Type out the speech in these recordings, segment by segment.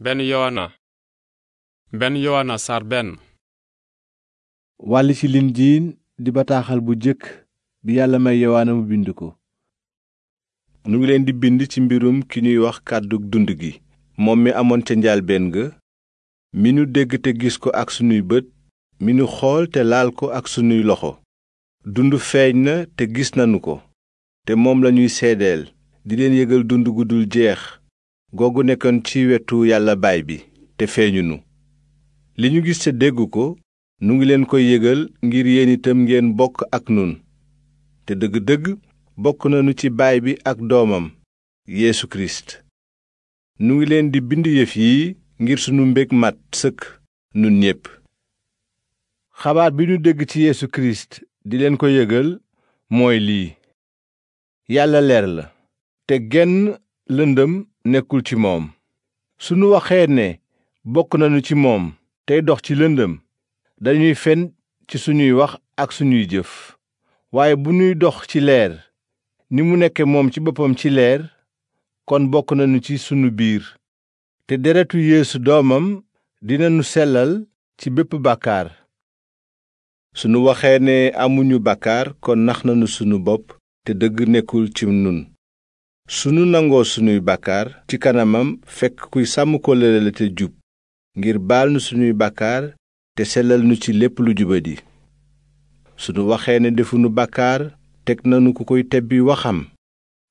benn yowana yowana sar wàll ci linjiin di bataaxal bu jëkk bi yàlla may yowaana mu bind ko nu ngi leen di bind ci mbirum ki ñuy wax kàddug dund gi moom mi amoon ca njaalbeen ga mi nu dégg te gis ko ak sunuy bët mi nu xool te laal ko ak sunuy loxo dund feeñ na te gis nanu ko te moom lañuy seedeel di leen yëgal dund gu dul jeex googu nekkoon ci wetu yàlla baay bi te feeñu nu li ñu gis te dégg ko nu ngi leen ko yëgal ngir yéen itam ngeen bokk ak nun te dëgg-dëgg bokk nanu ci baay bi ak doomam Yeesu Kirist nu ngi leen di bind yëf yii ngir sunu mbég mat sëkk nun ñépp xabaar bi ñu dégg ci Yeesu Kirist di leen ko yëgal mooy lii yàlla leer la te genn lëndëm nekkul ci moom sunu waxee ne bokk nañu ci moom tey dox ci lëndëm dañuy fen ci suñuy wax ak suñuy jëf waaye bu ñuy dox ci leer ni mu nekke moom ci boppam ci leer kon bokk nañu ci sunu biir te deretu yéesu doomam dinañu sellal ci bépp bàkkaar sunu waxee ne amuñu bàkkaar kon nax nañu sunu bopp te dëgg nekkul ci nun sunu nangoo sunuy bàkkaar ci kanamam fekk kuy sàmm kóllëre la te jub ngir baal nu sunuy bàkkaar te sellal nu ci lépp lu jubadi sunu waxee ne defunu bàkkaar teg nanu ku koy tebbi waxam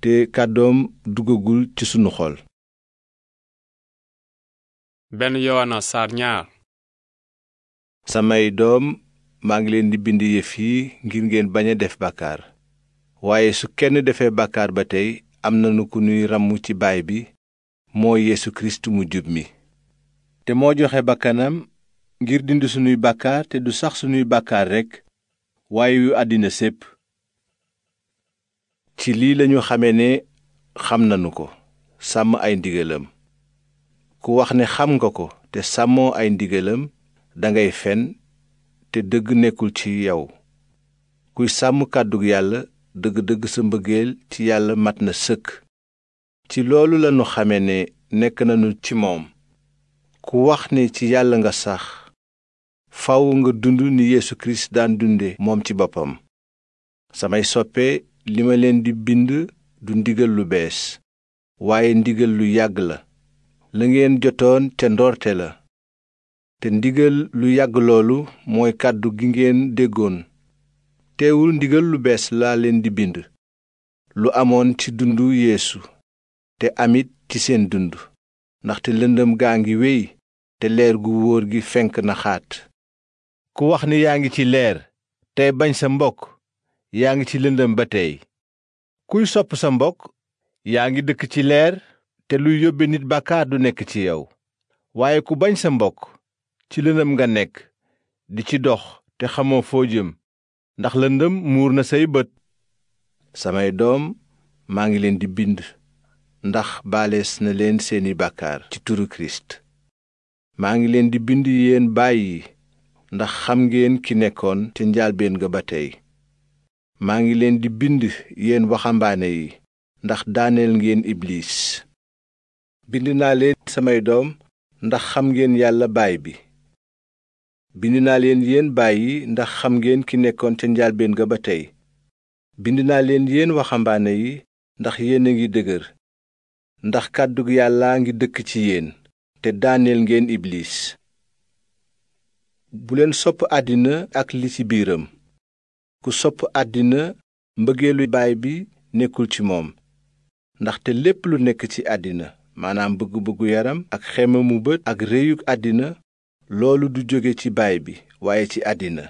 te kàddoom duggagul ci sunu xol benn yowana saar ñaar samay doom maa ngi leen di bind yëf ngir ngeen bañ def bàkkaar waaye su kenn defee bàkkaar ba tey am nanu ku nuy ràmm ci baay bi moo yeesu kirist mu jub mi te moo joxe bàkkanam ngir dind sunuy bàkkaar te du sax sunuy bàkkaar rekk waaye yu àddina sépp ci lii lañu xame ne xam nanu ko sàmm ay ndigalam ku wax ne xam nga ko te sàmmoo ay ndigalam dangay fen te dëgg nekkul ci yow kuy sàmm kàddug yàlla dëgg-dëgg sa mbëggeel ci yàlla mat na sëkk ci loolu lanu xame ne nekk nañu ci moom ku wax ne ci yàlla nga sax faw nga dund ni Yeesu Kirist daan dunde moom ci boppam samay soppe li ma leen di bind du ndigal lu bees waaye ndigal lu yàgg la la ngeen jotoon ca ndoorte la te ndigal lu yàgg loolu mooy kàddu gi ngeen déggoon teewul ndigal lu bees laa leen di bind lu amoon ci dundu yéesu te amit ci seen dund ndaxte lëndëm gaa ngi wéy te leer gu wóor gi fenk na xaat ku wax ni yaa ngi ci leer tey bañ sa mbokk yaa ngi ci lëndëm ba tey kuy sopp sa mbokk yaa ngi dëkk ci leer te luy yóbbe nit bàkkaar du nekk ci yow waaye ku bañ sa mbokk ci lëndëm nga nekk di ci dox te xamoo foo jëm ndax lëndëm muur na say bët samay doom maa ngi leen di bind ndax baalees na leen seeni bàkkaar ci turu kirist maa ngi leen di bind yéen baay yi ndax xam ngeen ki nekkoon te njaalbeen ga ba tey maa ngi leen di bind yéen waxambaane yi ndax daaneel ngeen ibliis bind naa samay doom ndax xam ngeen yàlla baay bi bind naa leen yéen bàyyi ndax xam ngeen ki nekkoon ca njaalbeen ga ba tey bind naa leen yéen waxambaane yi ndax yéen a ngi dëgër ndax kàddu yàlla ngi dëkk ci yéen te daaneel ngeen ibliis buleen sopp àddina ak li ci biiram ku sopp àddina mbëggeelu baay bi nekkul ci moom ndaxte lépp lu nekk ci àddina maanaam bëgg-bëggu yaram ak xemamu bët ak réyug àddina loolu du jóge ci baay bi waaye ci àddina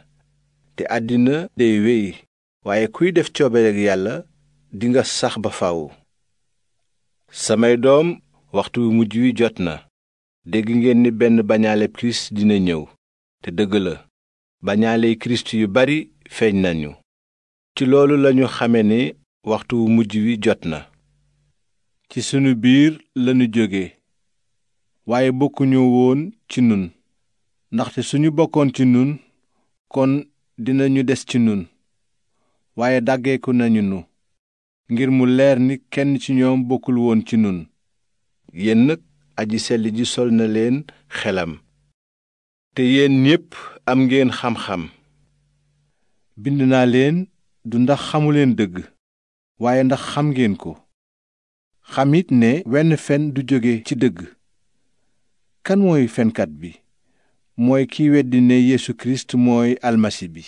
te àddina day wéy waaye kuy def coobereeg yàlla dinga sax ba faw samay doom waxtu wu mujj wi jot na dégg ngeen ni benn bañaaleb kirist dina ñëw te dëgg la bañaaley kirist yu bari feeñ nañu ci loolu lañu xame ni waxtu wu mujj wi jot na ci sunu biir lanu jóge waaye bokkuñu woon ci nun ndaxte suñu bokkoon ci nun kon dinañu des ci nun waaye daggeeku nañu nu ngir mu leer ni kenn ci ñoom bokkul woon ci nun yéen nag aji selli sol na leen xelam te yéen yépp am ngeen xam-xam bind naa leen du ndax xamu leen dëgg waaye ndax xam ngeen ko xamit ne wenn fen du jóge ci dëgg kan mooy fenkat bi mooy ki weddi ne Yeesu Kirist mooy almasi bi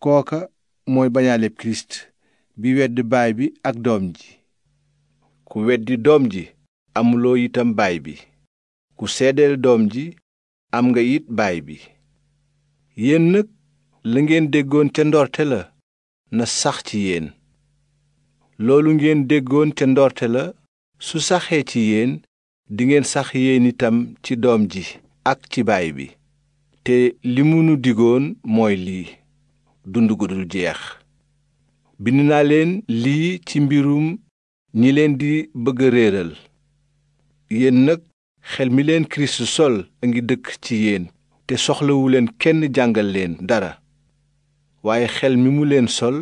kooka mooy bañaaleb Kirist bi wedd baay bi ak doom ji ku weddi doom ji amuloo itam baay bi ku seedeel doom ji am nga it baay bi yéen nag la ngeen déggoon ca ndoorte la na sax ci yéen loolu ngeen déggoon ca ndoorte la su saxee ci yéen dingeen sax yéen itam ci doom ji ak ci baay bi te li mu nu digoon mooy lii dund gu dul jeex bind naa leen lii ci mbirum ñi leen di bëgg a réeral yéen nag xel mi leen kirist sol a ngi dëkk ci yéen te soxlawu leen kenn jàngal leen dara waaye xel mi mu leen sol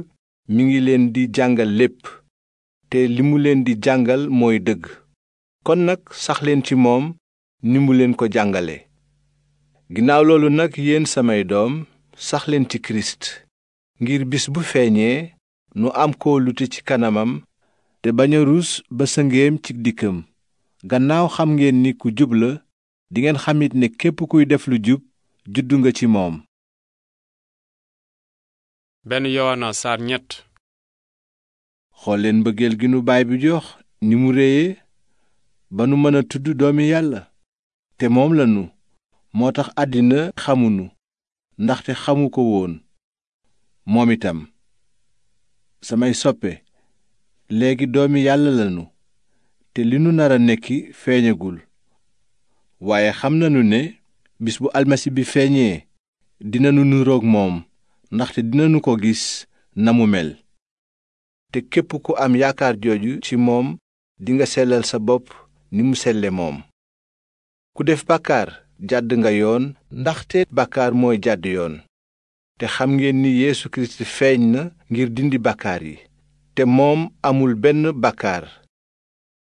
mi ngi leen di jàngal lépp te li mu leen di jàngal mooy dëgg kon nag saxleen ci moom ni mu leen ko jàngale ginnaaw loolu nag yéen samay doom sax leen ci kirist ngir bis bu feeñee nu am kóolute ci kanamam te bañ a ruus ba sëngeem ci dikkam gannaaw xam ngeen ni ku jub la dingeen xamit ne képp kuy def lu jub juddu nga ci moom benn yowaana saar ñett xool leen mbëggeel gi nu baay bi jox ni mu réyee ba nu mën a tudd doomi yàlla te moom lanu moo tax àddina xamunu ndaxte xamu ko woon moom itam samay soppe léegi doomi yàlla lanu te li nu nar a nekk feeñagul waaye xam nanu ne bis bu almasi bi feeñee dinanu nuroog moom ndaxte dinanu ko gis na mu mel te képp ku am yaakaar jooju ci moom dinga sellal sa bopp ni mu selle moom def bàkkaar jàdd nga yoon ndaxte bàkkaar mooy jàdd yoon te xam ngeen ni Yeesu Kirist feeñ na ngir dindi bàkkaar yi te moom amul benn bàkkaar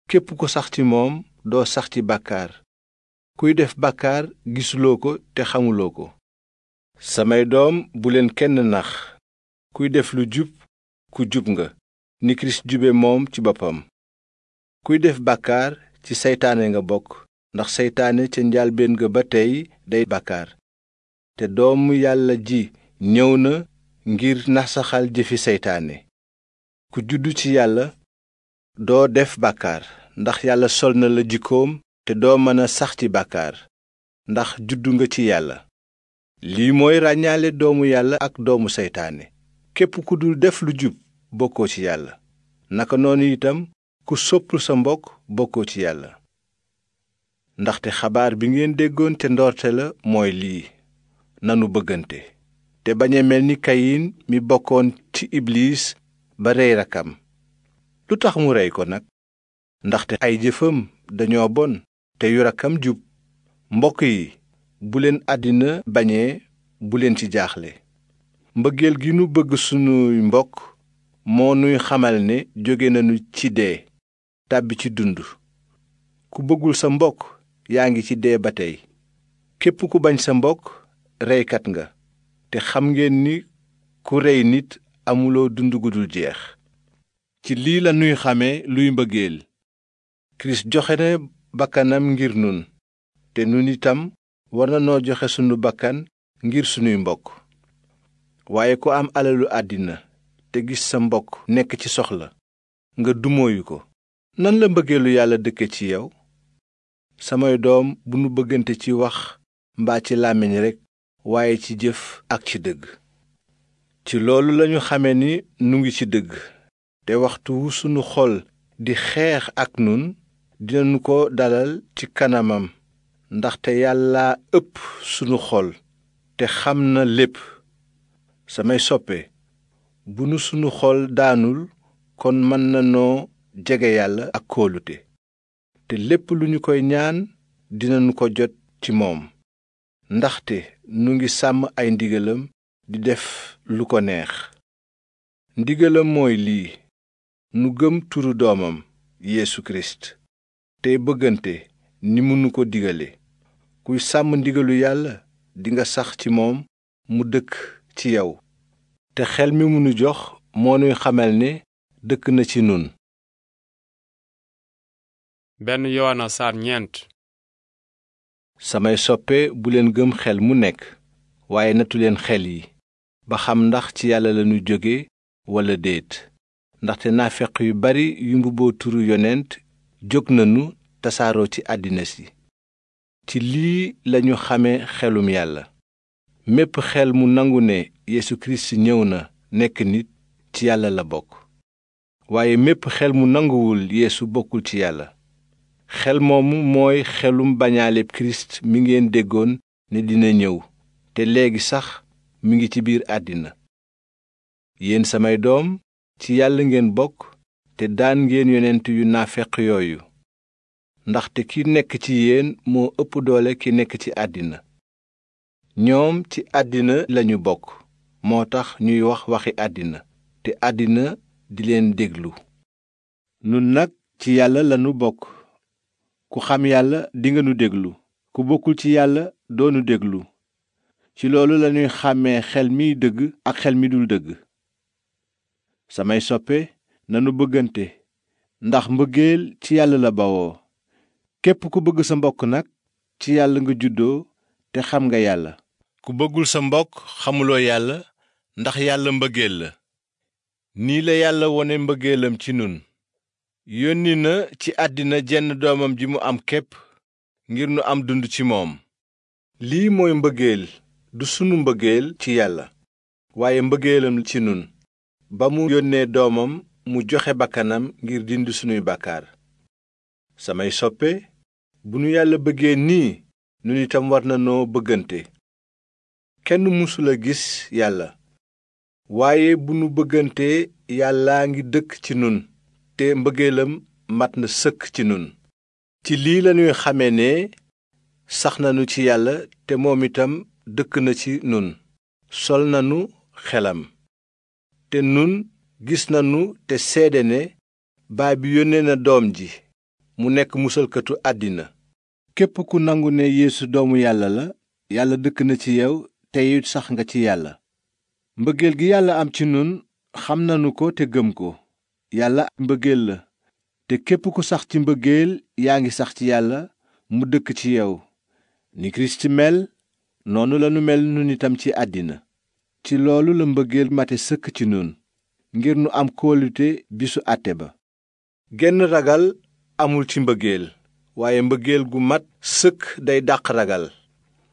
képp ku sax ci moom doo sax ci bàkkaar kuy def bàkkaar gisuloo ko te xamuloo ko samay doom bu leen kenn nax kuy def lu jub ku jub nga ni kirist jube moom ci boppam kuy def bàkkaar ci seytaane nga bokk ndax seytaane ca njaalbéen ga ba tey day bàkkaar te doomu yàlla ji ñëw na ngir nasaxal jëfi seytaane ku juddu ci yàlla doo def bàkkaar ndax yàlla sol na la jikkoom te doo mën a sax ci bàkkaar ndax juddu nga ci yàlla lii mooy ràññaale doomu yàlla ak doomu seytaane képp ku dul def lu jub bokkoo ci yàlla naka noonu itam ku soppul sa mbokk bokkoo ci yàlla ndaxte xabaar bi ngeen déggoon te ndoorte la mooy lii nanu bëggante te bañ a mel ni kayin mi bokkoon ci ibliis ba rey rakkam lu tax mu rey ko nag ndaxte ay jëfam dañoo bon te yu rakkam jub mbokk yi buleen àddina bañee bu leen ci jaaxle mbëggeel gi nu bëgg sunuy mbokk moo nuy xamal ne jóge nañu ci dee tàbbi ci dund ku bëggul sa mbokk yaa ngi ci dee ba tey képp ku bañ sa mbokk reykat nga te xam ngeen ni ku rey nit amuloo dund gudul jeex ci lii la nuy xame luy mbëggeel kirist joxe na bakkanam ngir nun te nun itam war na noo joxe sunu bakkan ngir sunuy mbokk waaye ku am alalu àddina te gis sa mbokk nekk ci soxla nga dumooyu ko nan la mbëggeelu yàlla dëkke ci yow samay doom bu nu bëggante ci wax mbaa ci làmmiñ rekk waaye ci jëf ak ci dëgg ci loolu lañu xame ni nu ngi ci dëgg te waxtu wu sunu xol di xeex ak nun dinañu ko dalal ci kanamam ndaxte yàlla ëpp sunu xol te xam na lépp samay soppe bu nu sunu xol daanul kon mën na noo jege yàlla ak kóolute te lépp lu ñu koy ñaan dinañu ko jot ci moom ndaxte nu ngi sàmm ay ndigalam di def lu ko neex ndigalam mooy lii nu gëm turu doomam Yeesu Kirist te bëggante ni mu nu ko digale kuy sàmm ndigalu yàlla dinga sax ci moom mu dëkk ci yow te xel mi mu nu jox moo nuy xamal ne dëkk na ci nun benn yoona saar samay soppe bu leen gëm xel mu nekk waaye natu leen xel yi ba xam ndax ci yàlla lanu jóge walla déet ndaxte naafeq yu bari yu mbubboo turu yonent jóg nanu tasaaroo ci àddina si ci lii lañu xame xelum yàlla mépp xel mu nangu ne Yesu Kirist ñëw na nekk nit ci yàlla la bokk waaye mépp xel mu nanguwul yéesu bokkul ci yàlla xel moomu mooy xelum bañaaleb kirist mi ngeen déggoon ne dina ñëw te léegi sax mi ngi ci biir àddina yéen samay doom ci yàlla ngeen bokk te daan ngeen yonent yu naafeq yooyu ndaxte ki nekk ci yéen moo ëpp doole ki nekk ci àddina ñoom ci àddina lañu bokk moo tax ñuy wax waxi àddina te àddina di leen déglu nun nag ci yàlla lanu bokk ku xam yàlla dinga nu déglu ku bokkul ci yàlla doonu déglu ci loolu lañuy xàmmee xel miy dëgg ak xel mi dul dëgg samay soppe nanu bëggante ndax mbëggeel ci yàlla la bawoo képp ku bëgg sa mbokk nag ci yàlla nga juddoo te xam nga yàlla ku bëggul sa mbokk xamuloo yàlla ndax yàlla mbëggeel la nii la yàlla wone mbëggeelam ci nun yónni na ci àddina jenn doomam ji mu am képp ngir nu am dund ci moom lii mooy mbëggeel du sunu mbëggeel ci yàlla waaye mbëggeelam ci nun ba mu yónnee doomam mu joxe bakkanam ngir dindi sunuy bàkkaar samay soppe bu nu yàlla bëggee nii nun itam war na noo bëggante kenn mësul a gis yàlla waaye bu nu bëggantee yàllaa ngi dëkk ci nun te mbëggeelam mat na sëkk ci nun ci lii lañuy xame ne sax nañu ci yàlla te moom itam dëkk na ci nun sol nanu xelam te nun gis nanu te seede ne baay bi yónnee na doom ji mu nekk musalkatu àddina képp ku nangu ne yeesu doomu yàlla la yàlla dëkk na ci yow te sax nga ci yàlla mbëggeel gi yàlla am ci nun xam nanu ko te gëm ko yàlla mbëggeel la te képp ku sax ci mbëggeel yaa ngi sax ci yàlla mu dëkk ci yow ni kirist mel noonu lanu mel nun itam ci àddina ci loolu la mbëggeel mate sëkk ci noon ngir nu am kóolute bisu àtte ba genn ragal amul ci mbëggeel waaye mbëggeel gu mat sëkk day dàq ragal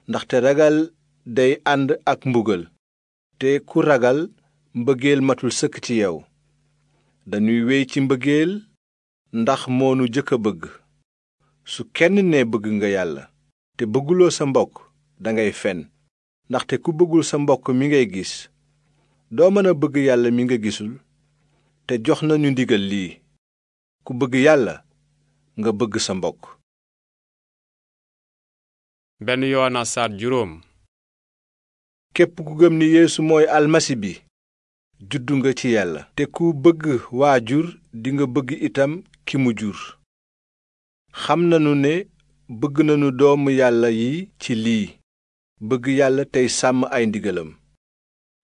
ndaxte ragal day ànd ak mbugal te ku ragal mbëggeel matul sëkk ci yow dañuy wéy ci mbëggeel ndax moonu jëkk a bëgg su kenn ne bëgg nga yàlla te bëgguloo sa mbokk dangay fen ndaxte ku bëggul sa mbokk mi ngay gis doo mën a bëgg yàlla mi nga gisul te jox nañu ndigal lii ku bëgg yàlla nga bëgg sa mbokk benn yoona saat juróom képp ku gëm ni yeesu mooy almasi bi juddu nga ci yàlla te ku bëgg waajur dinga bëgg itam ki mu jur xam nanu ne bëgg nanu doomu yàlla yi ci lii bëgg yàlla tey sàmm ay ndigalam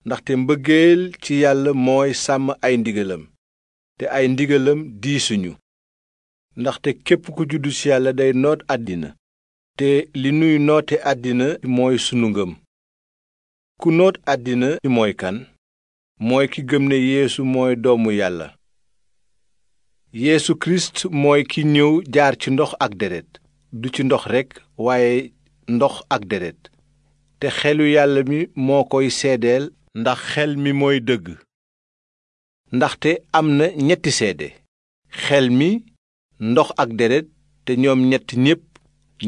ndaxte mbëggeel ci yàlla mooy sàmm ay ndigalam te ay ndigalam diisuñu ndaxte képp ku juddu ci yàlla day noot àddina te li nuy noote àddina mooy sunu ngëm ku noot àddina mooy mooy ki gëm ne yàlla yeesu kirist mooy ki ñëw jaar ci ndox ak deret du ci ndox rekk waaye ndox ak deret te xelu yàlla mi moo koy seedeel ndax xel mi mooy dëgg ndaxte am na ñetti seede xel mi ndox ak deret te ñoom ñett ñépp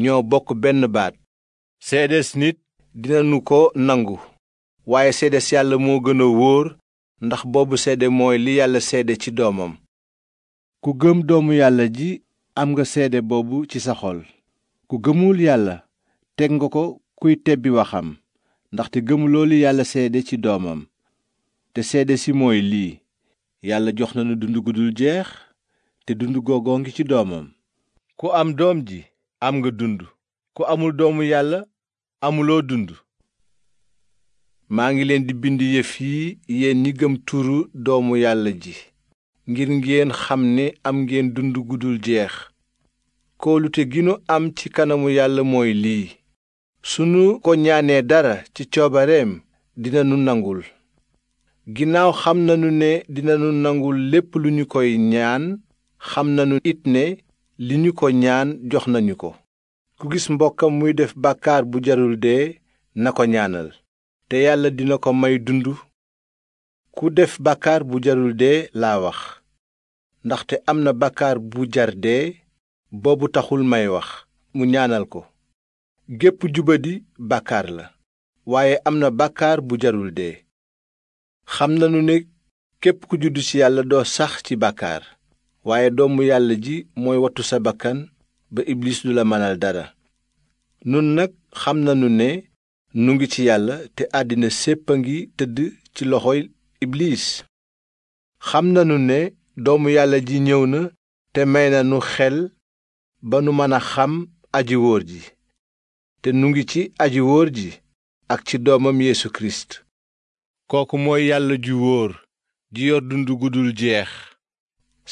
ñoo bokk benn baat seedes nit dinañu ko nangu waaye seedes yàlla moo gën a wóor ndax boobu seede mooy li yàlla seede ci doomam ku gëm doomu yàlla ji am nga seede boobu ci sa xol ku gëmul yàlla teg nga ko kuy tebbi waxam ndaxte gëmuloo li yàlla seede ci doomam te seede si mooy lii yàlla jox nañu dund gu dul jeex te dund googoo ngi ci doomam ku am doom ji am nga dund ku amul doomu yàlla amuloo dund maa ngi leen di bind yëf yii yéen ñi gëm turu doomu yàlla ji ngir ngeen xam ne am ngeen dund gudul jeex kóolute gi nu am ci kanamu yàlla mooy lii su nu ko ñaanee dara ci coobareem dina nu nangul ginnaaw xam nanu ne dina nu nangul lépp lu ñu koy ñaan xam nanu it ne li ñu ko ñaan jox nañu ko ku gis mbokkam muy def bàkkaar bu jarul dee na ko ñaanal te yàlla dina ko may dund ku def bàkkaar bu jarul dee laa wax ndaxte am na bàkkaar bu jar dee boobu taxul may wax mu ñaanal ko gépp jubadi bàkkaar la waaye am na bàkkaar bu jarul dee xam nanu ne képp ku juddu ci yàlla doo sax ci bàkkaar waaye doomu yàlla ji mooy wattu sa bakkan ba iblis du la mënal dara nun nag xam nanu ne nu ngi ci yàlla te àddina sépp a ngi tëdd ci loxo ibliis xam nanu ne doomu yàlla ji ñëw na te may na nu xel ba nu mën a xam aji wóor ji te nu ngi ci aji wóor ji ak ci doomam yeesu kirist kooku mooy yàlla ji wóor ji yor dund gudul jeex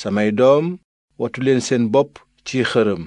samay doom watu leen seen bopp ci xërëm